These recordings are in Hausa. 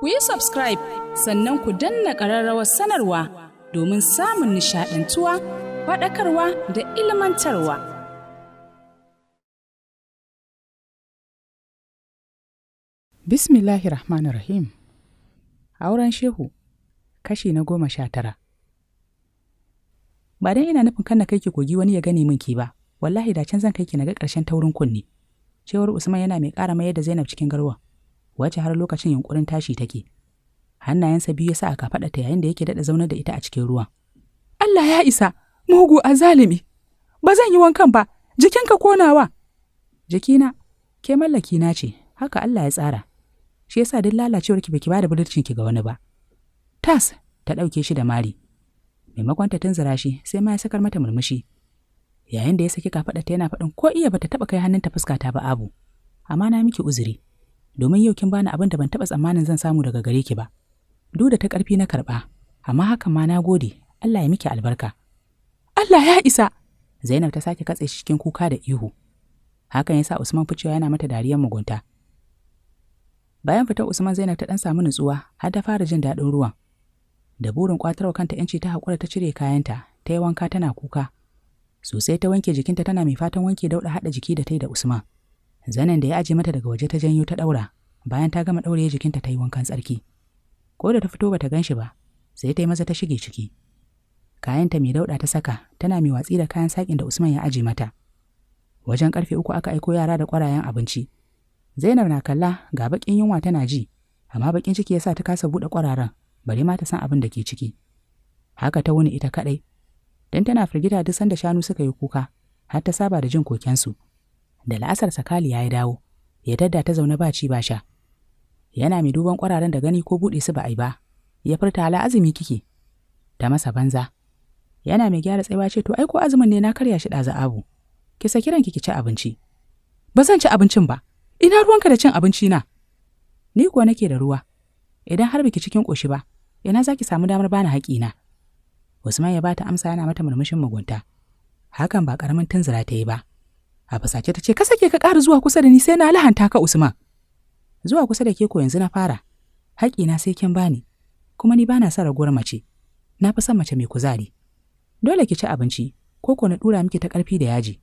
ku yi subscribe sannan ku danna ƙararrawar sanarwa domin samun nishaɗantuwa faɗakarwa da ilmantarwa. bismillahir Rahmanir Rahim Auren Shehu kashi na goma sha tara Ba dan ina nufin kanna kai kogi wani ya gane min ki ba, wallahi da can zan kai ki na ga ƙarshen taurin kunne. Cewar Usman yana mai ƙara mayar da Zainab cikin garwa. wace har lokacin yunkurin tashi take hannayensa biyu ya sa a kafaɗata yayin da yake daɗa zaune da ita a cikin ruwan Allah ya isa mugu a zalimi ba zan yi wankan ba jikinka konawa jikina ke mallaki na ce haka Allah ya tsara shi yasa duk lalacewar ki baki bada budurcin ki ga wani ba tas ta ɗauke shi da mari maimakon ta tunzura shi sai ma ya sakar mata murmushi yayin da ya saki kafaɗarta yana faɗin ko iya bata taɓa kai hannunta fuskata ba abu amma na miki uzuri domin yau kin bani abin da ban taɓa tsammanin zan samu daga gare ki ba. Duk da ta ƙarfi na karɓa, amma hakan ma na gode, Allah ya miki albarka. Allah ya isa! Zainab ta sake katse cikin kuka da ihu. Hakan ya sa Usman ficewa yana mata dariyar mugunta. Bayan fitar Usman Zainab ta ɗan samu nutsuwa har ta fara jin daɗin ruwan. Da burin kwatarwa kanta ‘yanci ta haƙura ta cire kayanta, ta yi wanka tana kuka. Sosai ta wanke jikinta tana mai fatan wanke dauɗa haɗa jiki da ta da Usman. zanen da ya aje mata daga waje ta janyo ta ɗaura bayan ta gama ɗaure jikinta ta yi wankan tsarki ko da ta fito bata gan shi ba sai ta yi maza ta shige ciki kayanta mai dauɗa ta saka tana mai watsi da kayan sakin da Usman ya aje mata wajen karfe uku aka aiko yara da ƙwarayen abinci Zainab na kalla ga baƙin yunwa tana ji amma bakin ciki ya sa ta kasa buɗe ƙwararen bari ma ta san abin da ke ciki haka ta wuni ita kaɗai Dan tana firgita duk sanda shanu suka yi kuka har ta saba da jin kokensu. su da la'asar sakali ya dawo ya dadda ta zaune ba ci ba sha yana mai duban kwararen da gani ko buɗe su ba a ba ya furta ala azumi kike da masa banza yana mai gyara tsaiwa ce to ai azumin ne na karya shi ɗaza abu ki kiran ki ki ci abinci ba zan ci abincin ba ina ruwanka da cin abinci na ni kuwa nake da ruwa idan har biki cikin ƙoshi ba ina zaki samu damar bani na. usman ya bata amsa yana mata murmushin mugunta hakan ba ƙaramin tunzura ta yi ba A fasace ta ce, Ka sake ka ƙara zuwa kusa da ni sai na lahanta ka Usman. Zuwa kusa da ke ko yanzu na fara, haƙi na sai kin bani, kuma ni bana son ragowar mace, na fi son mace mai kuzari. Dole ki ci abinci, ko ko na ɗura miki ta ƙarfi da yaji.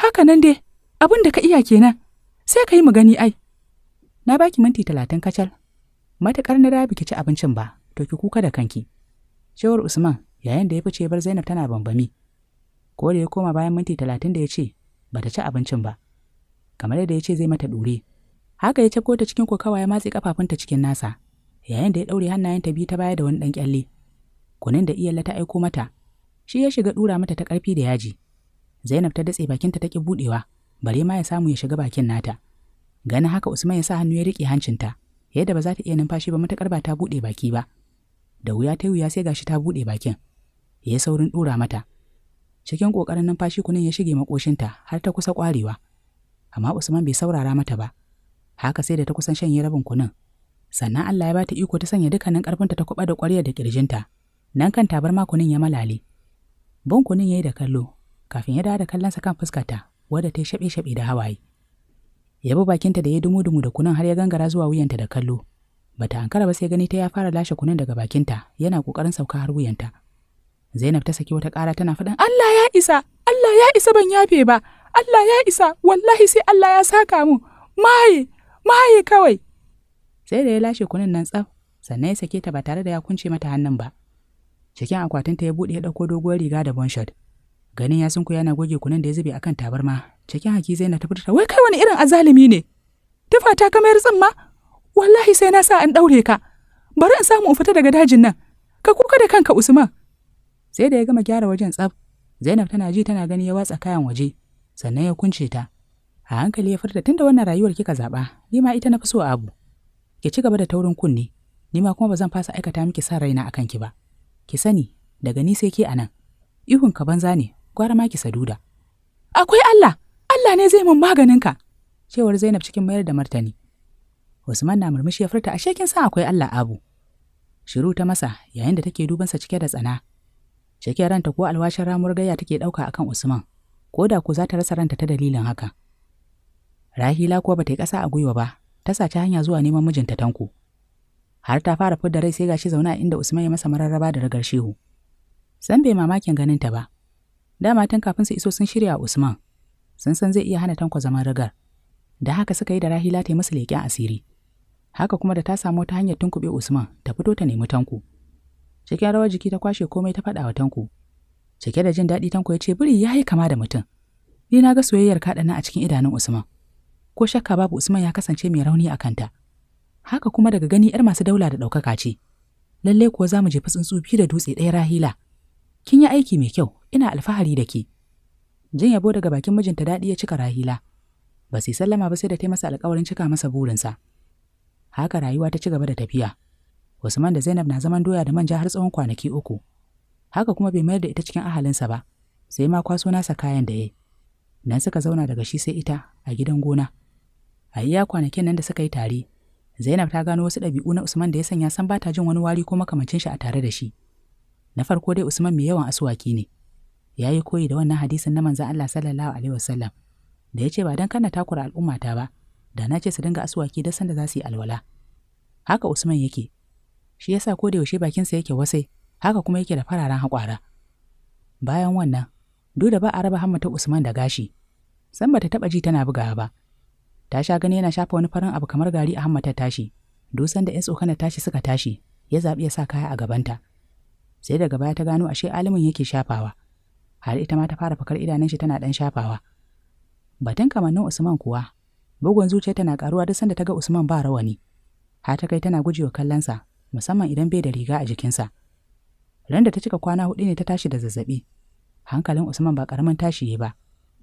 Haka nan dai, abin da ka iya kenan, sai ka yi mu gani ai. Na baki minti talatin kacal, matuƙar na da biki ci abincin ba, to ki kuka da kanki. Cewar Usman yayin da ya fice bar Zainab tana bambami. Ko da ya koma bayan minti talatin da ya ce, ba ta ci abincin ba kamar yadda ya ce zai mata ɗore haka ya cafko ta cikin kokawa ya matse kafafunta cikin nasa yayin da ya ɗaure ta biyu ta baya da wani ɗan kyalle kunin da iyalla ta aiko mata shi ya shiga ɗura mata ta ƙarfi da yaji zainab ta datse bakin ta ƙi buɗewa bare ma ya samu ya shiga bakin nata ganin haka usman ya sa hannu ya riƙe hancinta yadda ba za ta iya numfashi ba matakar ba ta buɗe baki ba da wuya ta wuya sai gashi ta buɗe bakin ya saurin ɗura mata cikin ƙoƙarin numfashi kunin ya shige makoshinta har ta kusa ƙwarewa amma usman bai saurara mata ba haka sai da ta kusan shanye rabin kunin sannan allah ya ba ta iko ta sanya dukkanin ƙarfinta ta kuɓa da ƙwarya da ƙirjinta nan kan tabar ma kunin ya malale Bon kunin ya yi da kallo kafin ya dawo da kallonsa kan fuskarta wadda ta yi shaɓe-shaɓe da hawaye ya bi bakinta da ya dumu-dumu da kunin har ya gangara zuwa wuyanta da kallo bata ankara ba sai gani ta ya fara lashe kunin daga bakinta yana ƙoƙarin sauka har wuyanta. Zainab ta saki wata ƙara tana faɗin Allah ya isa, Allah ya isa ban yafe ba, Allah ya isa, wallahi sai Allah ya saka mu, maye, maye kawai. Sai da ya lashe kunun nan tsaf, sannan ya sake ta ba tare da ya kunce mata hannun ba. Cikin akwatinta ya buɗe ya ɗauko doguwar riga da bonshot. Ganin ya sunku yana goge kunun da ya zube akan tabarma, cikin haki Zainab ta fita, wai kai wani irin azalimi ne? Tufa ta kamar tsimma? Wallahi sai na sa an ɗaure ka. Bari in samu in fita daga dajin nan. Ka kuka da kanka Usman. sai da ya gama gyara wajen tsaf zainab tana ji tana gani ya watsa kayan waje sannan ya kunce ta a hankali ya furta tunda wannan rayuwar kika zaɓa ni ma ita na fi so abu ki ci gaba da taurin kunne ni ma kuma ba zan fasa aikata miki sa raina akan ki ba ki sani daga ni sai ke anan ihun ka banza ne gwara ma ki saduda akwai Allah Allah ne zai mun maganin ka cewar Zainab cikin mayar da martani Usman na murmushi ya furta ashe kin san akwai Allah abu shiru ta masa yayin da take dubansa cike da tsana Shake ranta ko alwashin ramuwar gayya take ɗauka akan Usman, ko da ku za ta rasa ranta ta dalilin haka. Rahila kuwa ba ta yi ƙasa a gwiwa ba, ta saci hanya zuwa neman mijinta tanko. Har ta fara fudda rai sai gashi zauna a inda Usman ya masa mararraba da ragar shehu. San bai mamakin ganin ta ba. Dama tun kafin su iso sun shirya Usman. Sun san zai iya hana tanko zaman ragar. Da haka suka yi da Rahila ta yi musu leƙen asiri. Haka kuma da ta samu ta hanyar tunkuɓe Usman ta fito ta nemi tanko. Cikin rawar jiki ta kwashe komai ta faɗa wa Tanko. Cike da jin daɗi Tanko ya ce biri ya yi kama da mutum. Ni na ga soyayyar ka a cikin idanun Usman. Ko shakka babu Usman ya kasance mai rauni a kanta. Haka kuma daga gani 'yar masu daula da ɗaukaka ce. Lalle kuwa za mu jefi tsuntsu biyu da dutse ɗaya rahila. Kin yi aiki mai kyau, ina alfahari da ke. Jin yabo daga bakin mijinta daɗi ya cika rahila. Ba su sallama ba sai da ta masa alƙawarin cika masa burinsa. Haka rayuwa ta ci gaba da tafiya. Usman da Zainab na zaman doya da manja har tsawon kwanaki uku. Haka kuma bai mayar da ita cikin ahalinsa ba, sai ma kwaso nasa kayan da ya yi. Nan suka zauna daga shi sai ita a gidan gona. A iya kwanakin nan da suka yi tare, Zainab ta gano wasu ɗabi'u na Usman da ya sanya san bata jin wani wari ko makamancin shi a tare da shi. Na farko dai Usman mai yawan asuwaki ne. Ya yi koyi da wannan hadisin na manzon Allah sallallahu alaihi wasallam da ya ce ba dan kana takura al'ummata ba, da na ce su dinga asuwaki da sanda za su yi alwala. Haka Usman yake, shi yasa ko da yaushe bakinsa yake wasai haka kuma yake da fararen haƙwara bayan wannan duk da ba a raba hammata usman da gashi san bata taɓa ji tana bugawa ba ta sha gani yana shafa wani farin abu kamar gari a hammatar tashi dusan da 'yan tsokana tashi suka tashi ya zaɓi ya sa kaya a gabanta sai daga baya ta gano ashe alimin yake shafawa har ita ma ta fara fakar idanun shi tana dan shafawa batun kamannin usman kuwa bugun zuciya tana karuwa duk sanda ta ga usman ba rawani har ta kai tana gujewa kallonsa musamman idan bai da riga a jikinsa. Randa ta cika kwana hudu ne ta tashi da zazzaɓi. Hankalin Usman ba ƙaramin tashi yi ba,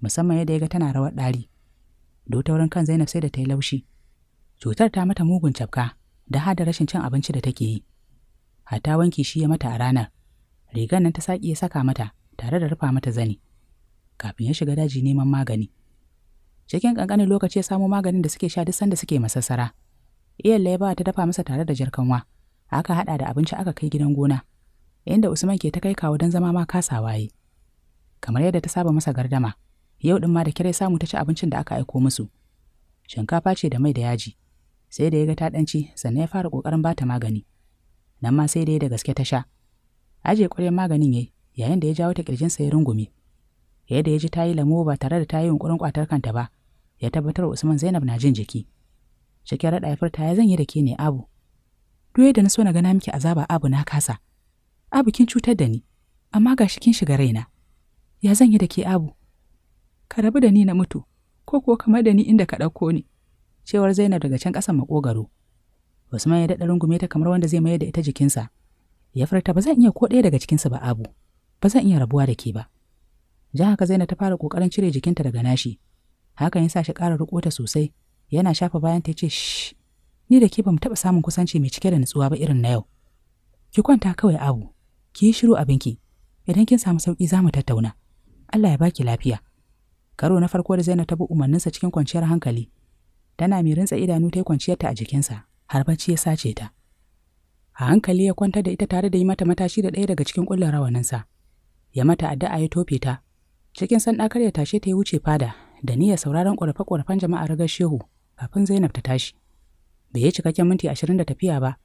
musamman yadda ya ga tana rawar ɗari. Dota wurin kan Zainab sai da ta yi laushi. Cutar ta mata mugun cafka, da hada rashin cin abinci da take yi. Hata wanki shi ya mata a ranar. Rigan nan ta saƙi ya saka mata, tare da rufa mata zani. Kafin ya shiga daji neman magani. Cikin ƙanƙanin lokaci ya samo maganin da suke sha duk sanda suke masassara. Iyalla ya ba ta dafa masa tare da jarkanwa. aka haɗa da abinci aka kai gidan gona inda usman ke ta kai kawo don zama ma kasa waye kamar yadda ta saba masa gardama yau ɗin ma da kirai samu ta ci abincin da aka aiko musu shinkafa ce da mai da yaji sai da ya ga ta ɗanci sannan ya fara ƙoƙarin bata magani nan ma sai da ya da gaske ta sha aje ƙwarin maganin yayi yayin da ya jawo ta ƙirjinsa ya rungume yadda ya ji ta yi lamo ba tare da ta yi yunƙurin ƙwatar kanta ba ya tabbatar Usman Zainab na jin jiki. Cikin raɗa ya furta ya zan yi da ke ne abu, duk da na so na gana miki azaba abu na kasa abu kin cutar da ni amma ga shi kin shiga raina ya zan yi da ke abu ka rabu da ni na mutu ko kuwa kamar da ni inda ka ɗauko ni cewar zainab daga can ƙasan maƙogaro usman ya daɗa rungume ta kamar wanda zai mayar da ita jikinsa ya furta ba zan iya ko ɗaya daga cikinsu ba abu ba zan iya rabuwa da ke ba jan haka zainab ta fara ƙoƙarin cire jikinta daga nashi hakan ya sa shi ƙara riƙo ta sosai yana shafa bayan ta ce shi. ni da ke bamu mu taɓa samun kusanci mai cike da nutsuwa ba irin na yau. Ki kwanta kawai abu, ki yi shiru abinki, idan kin samu sauƙi za mu tattauna. Allah ya baki lafiya. Karo na farko da Zainab ta bi umarninsa cikin kwanciyar hankali. Tana mai rintsa idanu ta yi kwanciyarta a jikinsa, har bacci ya sace ta. A hankali ya kwanta da ita tare da yi mata matashi da ɗaya daga cikin ƙullar rawaninsa. Ya mata addu'a ya tofe ta. Cikin san ɗakar ya tashe ta ya wuce fada da niyyar sauraron ƙorafe-ƙorafen jama'a ragar shehu kafin Zainab ta tashi. bai yi cikakken minti ashirin da tafiya ba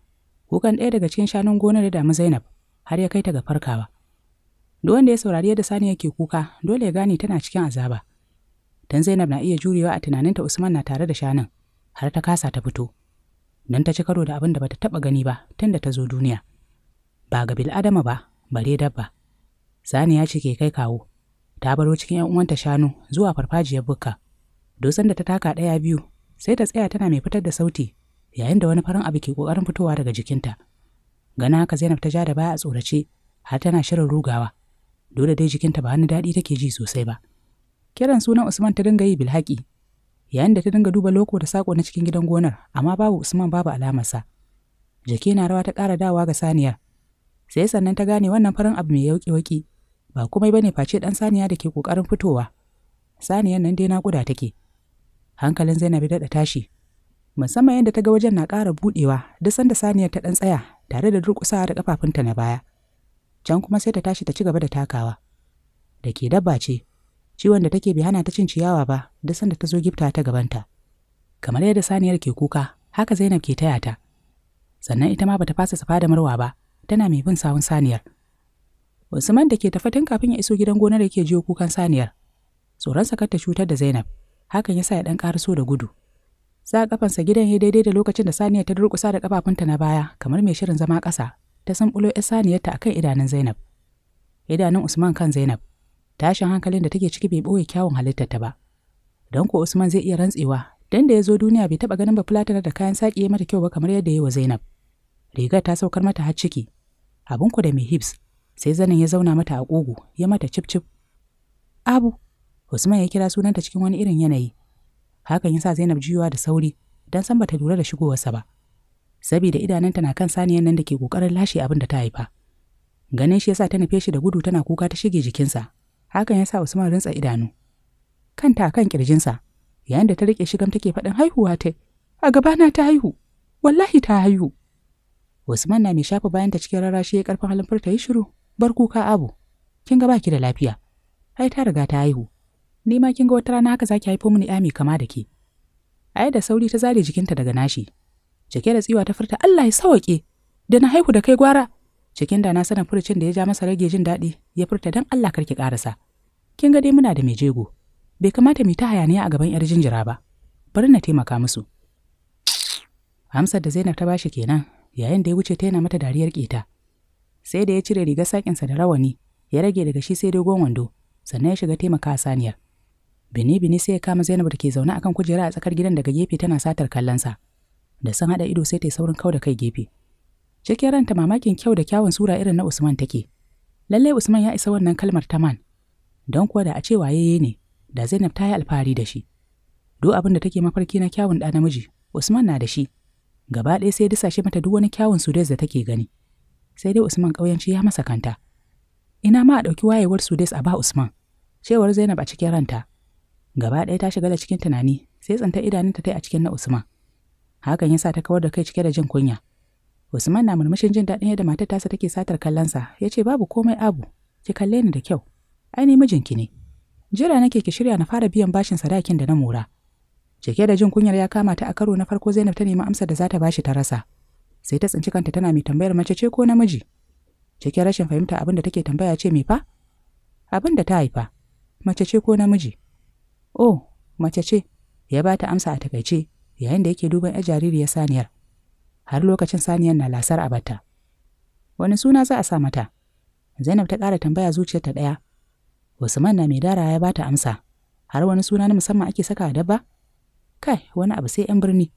kukan ɗaya daga cikin shanun gonar da damu zainab har ya kai ta ga farkawa duk wanda ya saurari yadda Sani yake kuka dole ya gane tana cikin azaba dan zainab na iya jurewa a tunaninta usman na tare da shanun har ta kasa ta fito don ta ci karo da abin da bata taɓa gani ba tun da ta zo duniya ba ga bil adama ba bare dabba saniya ce ke kai kawo ta baro cikin 'yan uwanta shanu zuwa farfajiyar bukka dosan da ta taka ɗaya biyu sai ta tsaya tana mai fitar da sauti yayin da wani farin abu ke ƙoƙarin fitowa daga jikinta. Gana haka Zainab ta ja da baya a tsorace, har tana shirin rugawa. Dole dai jikinta ba hannu daɗi take ji sosai ba. Kiran sunan Usman ta dinga yi bilhaƙi, yayin da ta dinga duba loko da saƙo na cikin gidan gonar, amma babu Usman babu alamarsa. Jaki na rawa ta ƙara dawa ga saniyar. Sai sannan ta gane wannan farin abu mai yauƙi-yauƙi, ba komai bane face ɗan saniya da ke ƙoƙarin fitowa. Saniyar nan dai naƙuda take. Hankalin Zainab daɗa tashi, musamman yadda ta ga wajen na ƙara buɗewa duk sanda saniyar ta ɗan tsaya tare da durƙusawa da ƙafafunta na baya. Can kuma sai ta tashi ta ci gaba da takawa. Da ke dabba ce, ciwon da take bai hana ta cin ciyawa ba duk sanda ta zo gifta ta gabanta. Kamar yadda saniyar ke kuka, haka Zainab ke taya ta. Sannan ita ma bata fasa safa da marwa ba, tana mai bin sawun saniyar. Usman da ke tafi tun kafin ya iso gidan gonar da ke jiyo kukan saniyar. Tsoron sakar ta cutar da Zainab, hakan ya sa ya ɗan ƙaraso da gudu. Za kafansa gidan ya daidai da lokacin da saniya ta durƙusa da kafafunta na baya kamar mai shirin zama ƙasa ta ya 'yar saniyarta akan idanun Zainab. Idanun Usman kan Zainab. Tashin hankalin da take ciki bai ɓoye kyawun halittarta ba. Don ko Usman zai iya rantsewa dan da ya zo duniya bai taɓa ganin ba fulatar da kayan saƙi ya mata kyau ba kamar yadda ya wa Zainab. Rigar ta saukar mata har ciki. Abin ku da mai hips sai zanin ya zauna mata a ƙugu ya mata cip cip. Abu, Usman ya kira sunanta cikin wani irin yanayi. hakan ya sa Zainab juyawa da sauri dan san bata lura da shigowarsa ba saboda idananta na kan saniyar nan da ke kokarin lashe abin da ta haifa ganin shi yasa ta nufe shi da gudu tana kuka ta shige jikinsa hakan yasa Usman rintsa idanu kanta kan kirjinsa yayin da ta rike shigam take faɗin haihuwa ta a gabana ta haihu wallahi ta haihu Usman na mai shafa bayanta cikin rarashi ya ƙarfin halin furta yi shiru bar kuka abu kin ga baki da lafiya ai ta riga ta haihu ni ma kin ga wata rana haka zaki haifo mini mai kama da ke ai da sauri ta zare jikinta daga nashi cike da tsiwa ta furta Allah ya sawake da na haihu da kai gwara cikin da na sanin furcin da ya ja masa rage jin daɗi ya furta dan Allah karki karasa kin ga dai muna da mai jego bai kamata mu ta hayaniya a gaban yar jinjira ba bari na taimaka musu Amsar da Zainab ta bashi kenan yayin da ya wuce ta yana mata dariyar ƙeta sai da ya cire rigar sakinsa da rawani ya rage daga shi sai dogon wando sannan ya shiga taimaka saniyar Bini bini sai ya kama Zainab da ke zaune akan kujera a tsakar gidan daga gefe tana satar kallonsa. Da sun haɗa ido sai ta yi saurin kau da kai gefe. Cikin ranta mamakin kyau da kyawun sura irin na Usman take. Lallai Usman ya isa wannan kalmar taman. Don kuwa da a ce wayeye ne, da Zainab ta yi alfahari da shi. Duk abin da take mafarki na kyawun ɗa namiji, Usman na da shi. Gaba ɗaya sai shi mata duk wani kyawun sudes da take gani. Sai dai Usman ƙauyanci ya masa kanta. Ina ma a ɗauki wayewar sudes a ba Usman. Cewar Zainab a cikin ranta, Gaba ɗaya ta shiga da cikin tunani, sai tsinta idanunta ta a cikin na Usman. Hakan ya sa ta kawar da kai cike da jin kunya. Usman na murmushin jin daɗin yadda matar tasa take satar kallonsa, ya ce babu komai abu, ki kalle ni da kyau. Ai ni mijinki ne. Jira nake ki shirya na fara biyan bashin sadakin da na mora. Cike da jin kunyar ya kama ta a karo na farko Zainab ta nemi amsar da za ta bashi ta rasa. sai ta tsinci kanta tana mai tambayar mace ce ko namiji cikin rashin fahimta abin da take tambaya ce mai fa abin da ta haifa mace ce ko namiji Oh, mace ce, ya ba ta amsa a takaice yayin da yake duban ‘yar jaririyar saniyar, har lokacin saniyar na lasar a bata. Wani suna za a sa mata? Zainab ta ƙara tambaya zuciyarta ɗaya. Usman na mai dara ya ba ta amsa, har wani suna na musamman ake saka a dabba? Kai, wani abu sai ‘yan birni.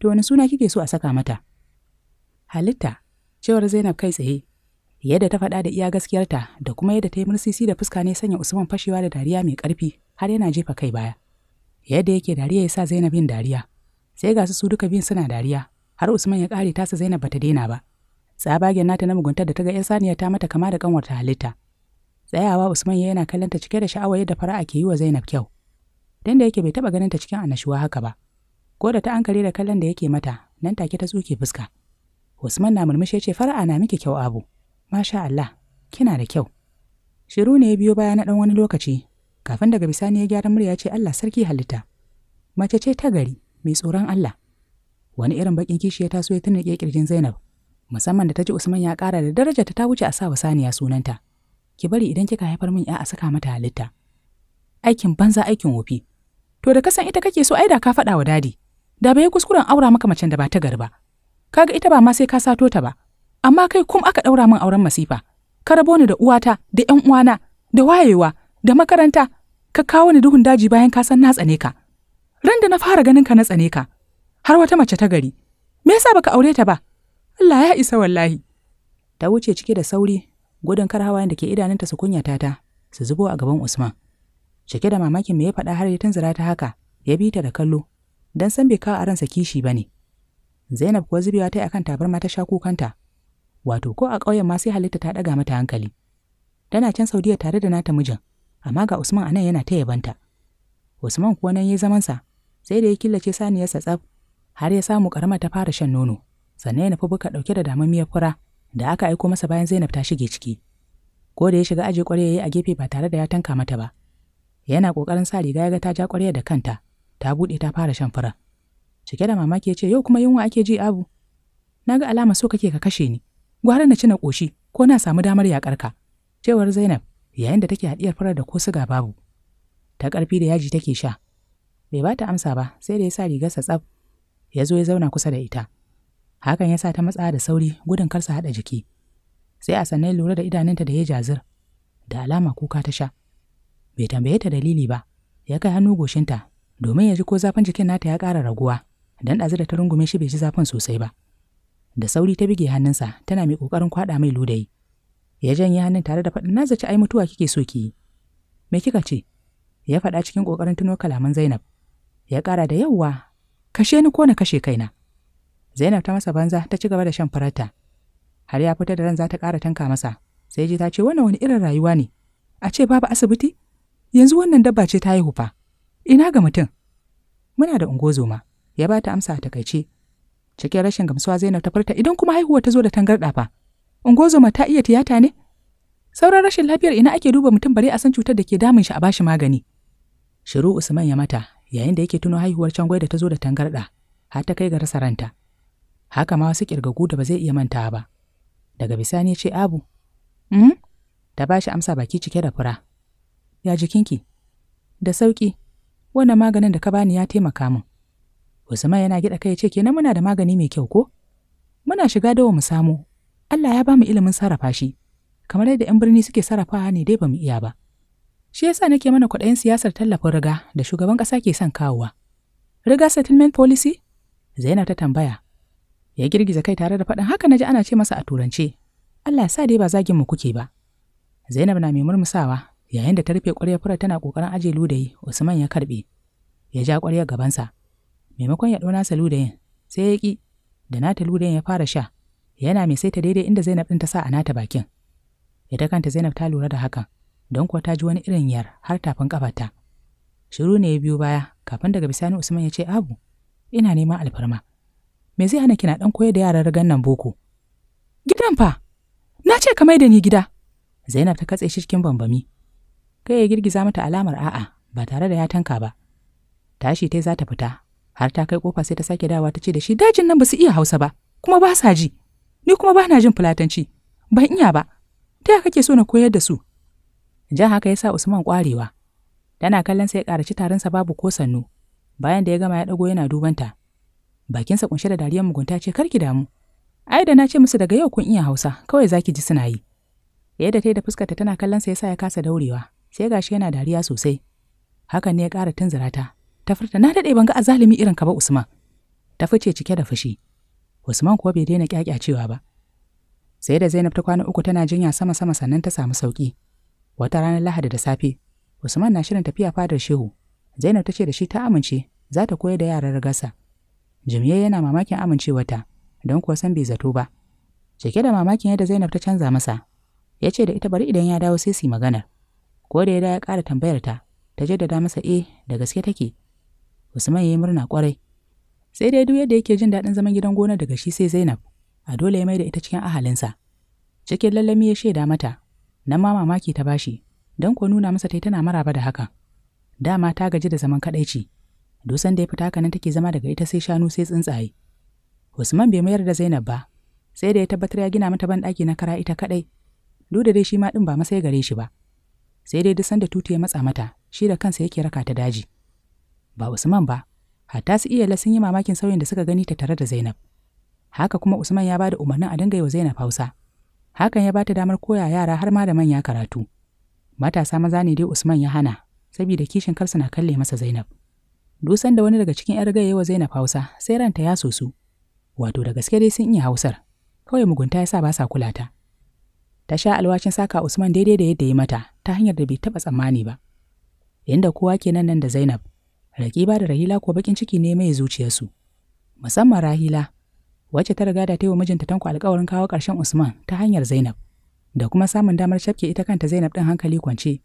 To wani suna kike so a saka mata? Halitta, cewar Zainab kai tsaye, yadda ta faɗa da iya gaskiyarta da kuma yadda ta yi mursisi da fuska ne sanya Usman fashewa da dariya mai ƙarfi har yana jefa kai baya yadda yake dariya ya sa zainab yin dariya sai ga su duka biyun suna dariya har usman ya kare tasa zainab bata daina ba tsabagen nata na muguntar da ta ga yan saniya ta mata kama da ta halitta tsayawa usman ya yana kallonta cike da sha'awa yadda fara'a ke yi wa zainab kyau dan da yake bai taba ganin ta cikin annashuwa haka ba ko da ta ankare da kallon da yake mata nan take ta tsuke fuska usman na murmushi ce fara'a na miki kyau abu masha Allah kina da kyau shiru ne ya biyo baya na dan wani lokaci kafin daga bisani ya gyara murya ce Allah sarki halitta mace ce ta gari mai tsoron Allah wani irin bakin kishi ya taso ya tunnuke kirjin Zainab musamman da ta ji Usman ya kara da daraja ta wuce a sawa saniya sunanta ki bari idan kika haifar min ya a saka mata halitta aikin banza aikin wofi to da kasan ita kake so aida ka faɗa wa dadi da bai kuskuren aura maka macen da ba ta garba kaga ita ba ma sai ka sato ta ba amma kai kum aka ɗaura min auren masifa ka rabo ni da uwata da 'yan uwana da wayewa da makaranta ka kawo ni duhun daji bayan ka san na tsane ka ran da na fara ganin ka na tsane ka har wata mace ta gari me yasa baka aure ta ba Allah ya isa wallahi ta wuce cike da sauri gudun kar hawayen da ke idanunta su kunyata ta su zubo a gaban Usman cike da mamakin me ya faɗa har ya tunzura ta haka ya bi ta da kallo dan san bai kawo a ransa kishi ne Zainab kuwa zubewa ta yi akan tabarma ta sha kukanta wato ko a ƙauyen ma sai halitta ta ɗaga mata hankali tana can Saudiya tare da nata mijin amma ga Usman anan yana ta yabanta. Usman kuwa nan yi zamansa, sai da ya killace saniyarsa tsaf, har ya samu karama ta fara shan nono, sannan ya nufi buka ɗauke da miyar fura da aka aiko masa bayan Zainab ta shige ciki. Ko da ya shiga aji ƙwarya ya yi a gefe ba tare da ya tanka mata ba. Yana ƙoƙarin sa riga ya ga ta ja ƙwarya da kanta, ta buɗe ta fara shan fura. Cike da mamaki ya ce, Yau kuma yunwa ake ji abu. Na ga alama so kake ka kashe ni, gwara na ci na ƙoshi ko na samu damar yaƙar Cewar Zainab yayin da take haɗiyar farar da ko siga babu ta ƙarfi da yaji take sha bai ba ta amsa ba sai da ya sa rigarsa tsaf ya zo ya zauna kusa da ita hakan ya sa ta matsa da sauri gudun karsa haɗa jiki sai a sannan lura da idanunta da ya jazir da alama kuka ta sha bai tambaye ta dalili ba ya kai hannu goshinta domin ya ji ko zafin jikin nata ya ƙara raguwa dan ɗazu da ta rungume shi bai ji zafin sosai ba da sauri ta bige hannunsa tana mai ƙoƙarin kwaɗa mai ludayi ya janye hannun tare da faɗin na zaci ai mutuwa kike so ki me kika ce ya faɗa cikin ƙoƙarin tuno kalaman zainab ya ƙara da yawwa kashe ni ko na kashe kaina zainab ta masa banza ta ci gaba da shan farata har ya fita da ran za ta ƙara tanka masa sai ji ta ce wannan wani irin rayuwa ne a ce babu asibiti yanzu wannan dabba ce ta haihu fa ina ga mutum muna da ungozoma ya ba ta amsa a takaice cikin rashin gamsuwa zainab ta furta idan kuma haihuwa ta zo da tangarɗa fa Ungozoma ta iya tiyata ne? Sauran rashin lafiyar ina ake duba mutum bare a san cutar da ke damun shi a bashi magani. Shiru Usman ya mata yayin da yake tuno haihuwar cangwai da ta zo da tangarɗa har ta kai ga rasa ranta. Haka ma wasu kirgagu da ba zai iya mantawa ba. Daga bisani ya ce Abu, "Mm?" ta bashi amsa baki cike da fura. Ya jikinki? Da sauki, wannan maganin da ka bani ya taimaka min. Usman yana gida kai ya ce kenan muna da magani mai kyau ko? Muna shiga dawo mu samu Allah ya ba mu ilimin sarrafa shi, kamar yadda 'yan birni suke sarrafawa ne dai ba mu iya ba. Shi yasa nake mana kwaɗayin siyasar tallafin riga da shugaban ƙasa ke son kawowa. Riga settlement policy? Zainab ta tambaya. Ya girgiza kai tare da faɗin haka na ji ana ce masa a turance. Allah ya sa dai ba zagin mu kuke ba. Zainab na mai murmusawa yayin da ta rufe ƙwarya fura tana ƙoƙarin aje ludayi Usman ya karɓe. Ya ja ƙwaryar gabansa. Maimakon ya ɗona sa ludayin sai ya ƙi da nata ludayin ya fara sha. yana mai saita daidai inda Zainab ɗin ta sa a nata bakin. Ita kanta Zainab ta lura da hakan, don kuwa ta ji wani irin yar har tafin ƙafarta. Shiru ne ya biyo baya, kafin daga bisani Usman ya ce, Abu, ina neman alfarma. Me zai hana kina dan koyar da yaran rigan nan boko? Gidan fa, na ce ka mai da ni gida. Zainab ta katse shi cikin bambami. Kai ya girgiza mata alamar a'a ba tare da ya tanka ba. Tashi ta za ta fita, har ta kai kofa sai ta sake dawa ta ce da shi dajin nan ba su iya Hausa ba, kuma ba sa ji. ni kuma bana jin fulatanci ban iya ba ta kake so na koyar da su jan haka ya sa usman kwarewa tana kallon sai ya karaci tarinsa babu ko sannu bayan da ya gama ya dago yana dubanta bakinsa kunshe da dariyar mugunta ce karki damu ai da na ce musu daga yau kun iya hausa kawai zaki ji suna yi yadda da yi da fuskarta tana kallon sa yasa ya kasa daurewa sai gashi yana dariya sosai hakan ne ya kara tunzura ta ta furta na daɗe ban ga azalimi irin ka ba usman ta fice cike da fushi Usman kuwa bai daina kyakyacewa ba. Sai da Zainab ta kwana uku tana jinya sama-sama sannan ta samu sauki. Wata ranar Lahadi da safe, Usman na shirin tafiya fadar Shehu. Zainab ta ce da shi ta amince, za ta koyar da yaran ragasa. Jumiyya yana mamakin amincewarta, don kuwa san bai zato ba. Cike da mamakin yadda Zainab ta canza masa, ya ce da ita bari idan ya dawo sai su magana. Ko da ya da ya ƙara tambayar ta, ta jaddada masa eh da gaske take. Usman ya yi murna kwarai. sai dai duk yadda yake jin daɗin zaman gidan gona daga shi sai zainab a dole ya mai da ita cikin ahalinsa cikin lallami ya shaida mata nan ma mamaki ta bashi don ko nuna masa tai tana maraba da haka dama ta gaji da zaman kadaici dusan da ya fita hakanan take zama daga ita sai shanu sai tsuntsaye usman bai mayar da zainab ba sai da ya tabbatar ya gina mata banɗaki na kara ita kadai duk da dai shi ma ɗin ba masai gare shi ba sai dai duk sanda tutu ya matsa mata shi da kansa yake raka ta daji ba usman ba Hatta su iyala sun yi mamakin sauyin da suka gani ta tare da Zainab. Haka kuma Usman ya bada umarnin a dinga yi wa Zainab Hausa. Hakan ya bata damar koya yara har ma da manya karatu. Matasa maza ne dai Usman ya hana, saboda kishin karsa na kalle masa Zainab. Dusan da wani daga cikin 'yar gaya wa Zainab Hausa, sai ranta ya soso. Wato da gaske dai sun iya Hausar, kawai mugunta ya sa ba sa kula ta. Ta sha alwashin saka Usman daidai da yadda ya mata, ta hanyar da bai taɓa tsammani ba. Inda kowa kenan nan da Zainab, rakiba da Rahila ko bakin ciki ne mai zuciyarsu. Musamman Rahila, wacce ta riga da ta yi wa mijinta tanko alƙawarin kawo ƙarshen Usman ta hanyar Zainab, da kuma samun damar shafke ita kanta Zainab ɗin hankali kwance.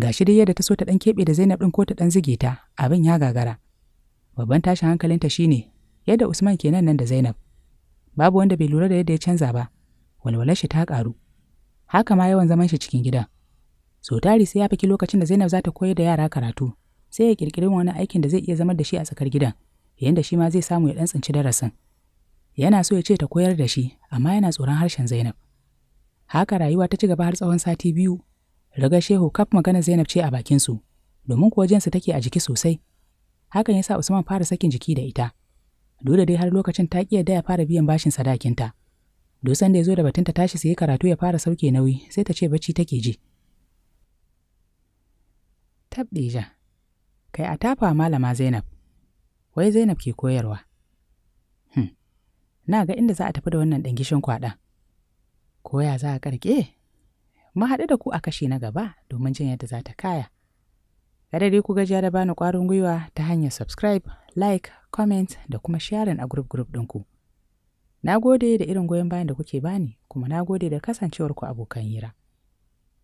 Ga shi dai yadda ta so ta ɗan keɓe da Zainab ɗin ko ta ɗan zige ta, abin ya gagara. Babban tashin hankalinta shine yadda Usman ke nan nan da Zainab. Babu wanda bai lura da yadda ya canza ba, walwalar shi ta ƙaru. Haka ma yawan zaman shi cikin gida Sotari sai ya faki lokacin da Zainab za ta koyar da yara karatu, sai ya kirkiri wani aikin da zai iya zama da shi a tsakar gidan yadda shi ma zai samu ya dan tsinci darasin yana so ya ce ta koyar da shi amma yana tsoron harshen Zainab haka rayuwa ta ci gaba har tsawon sati biyu riga shehu kaf magana Zainab ce a bakin su domin kuwa jinsu take a jiki sosai hakan yasa Usman fara sakin jiki da ita dole dai har lokacin ta ƙi da ya fara biyan bashin sadakinta dosan da ya zo da batun ta tashi sai karatu ya fara sauke nauyi sai ta ce bacci take ji tabɗeja kai a tafa malama Zainab, wai Zainab ke koyarwa. Hmm. Na ga inda za a tafi da wannan ɗan gishin kwaɗa. Koya za a ƙarƙe? Ma haɗu da ku a kashi na gaba domin jin yadda za ta kaya. Kada dai ku gajiya da bani ƙwarin gwiwa ta hanyar subscribe, like, comment da kuma sharing a group group ɗinku. Na gode da irin goyon bayan da kuke bani, kuma na gode da kasancewarku abokan hira.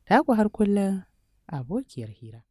Ta ku har kullum abokiyar hira.